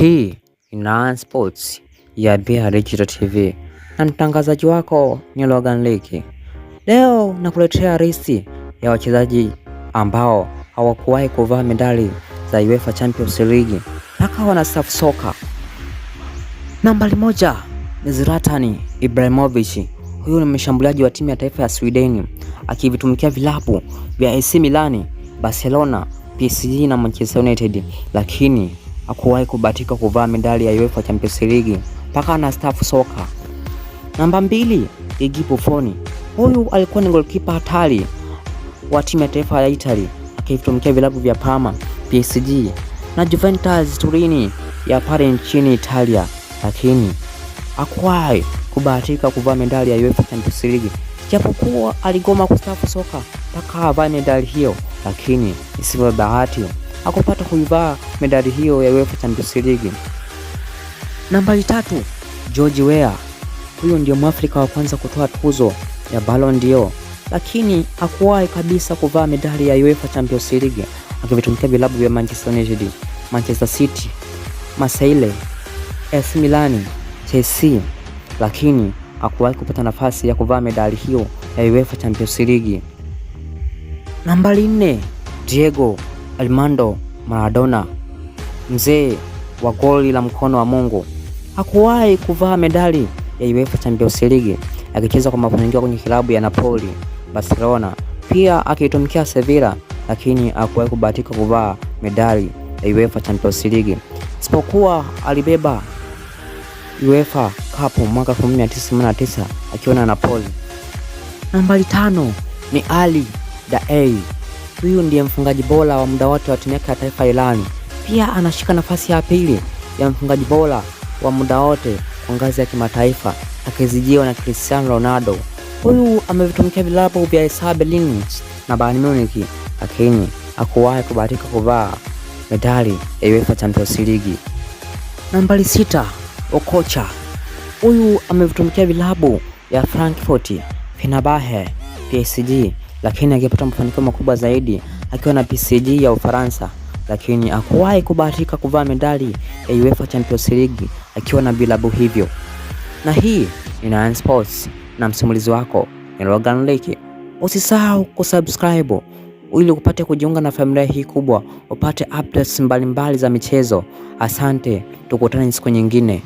Hii ni Nine Sports ya Bea Digital TV na mtangazaji wako ni Logan Lake. Leo nakuletea risi ya wachezaji ambao hawakuwahi kuvaa medali za UEFA Champions League mpaka staff soka. Nambari moja ni Zlatan Ibrahimovic. Huyu ni mshambuliaji wa timu ya taifa ya Sweden akivitumikia vilabu vya AC Milani, Barcelona, PSG na Manchester United, lakini hakuwahi kubatika kuvaa medali ya UEFA Champions League mpaka anastaafu soka. Namba mbili, Gigi Buffon. Huyu alikuwa ni goalkeeper hatari wa timu ya taifa ya Italy akivitumikia vilabu vya Parma, PSG na Juventus Turin ya pale nchini Italia, lakini hakuwahi kubahatika kuvaa medali ya UEFA Champions League japokuwa aligoma kustaafu soka mpaka avae medali hiyo, lakini isivyo bahati hakupata kuivaa medali hiyo ya UEFA Champions League. Nambari tatu, George Weah. Huyu ndio Mwafrika wa kwanza kutoa tuzo ya Ballon d'Or, lakini hakuwahi kabisa kuvaa medali ya UEFA Champions League, akivitumikia vilabu vya Manchester United, Manchester City, Marseille, AC Milan, Chelsea, lakini hakuwahi kupata nafasi ya kuvaa medali hiyo ya UEFA Champions League. Nambari nne, Diego Armando Maradona, mzee wa goli la mkono wa Mungu, hakuwahi kuvaa medali ya UEFA Champions League akicheza kwa mafanikio kwenye kilabu ya Napoli, Barcelona, pia akiitumikia Sevilla, lakini hakuwahi kubahatika kuvaa medali ya UEFA Champions League isipokuwa alibeba UEFA Cup mwaka 1999 akiwa na Napoli. Nambari tano ni Ali Daei. Huyu ndiye mfungaji bora wa muda wote wa timu yake ya taifa ya Iran. Pia anashika nafasi ya pili ya mfungaji bora wa muda wote kwa ngazi ya kimataifa akizijiwa na Cristiano Ronaldo. Huyu amevitumikia vilabu vya AS Berlin na Bayern Munich, lakini hakuwahi kubahatika kuvaa medali ya UEFA Champions League. Nambari sita, Okocha. Huyu amevitumikia vilabu vya Frankfurt, Fenerbahce, PSG lakini akipata mafanikio makubwa zaidi akiwa na PSG ya Ufaransa, lakini hakuwahi kubahatika kuvaa medali ya UEFA Champions League akiwa na vilabu hivyo. Na hii ni Nine Sports na msimulizi wako ni Logan Lake. Usisahau kusubscribe ili upate kujiunga na familia hii kubwa, upate updates mbalimbali za michezo. Asante, tukutane siku nyingine.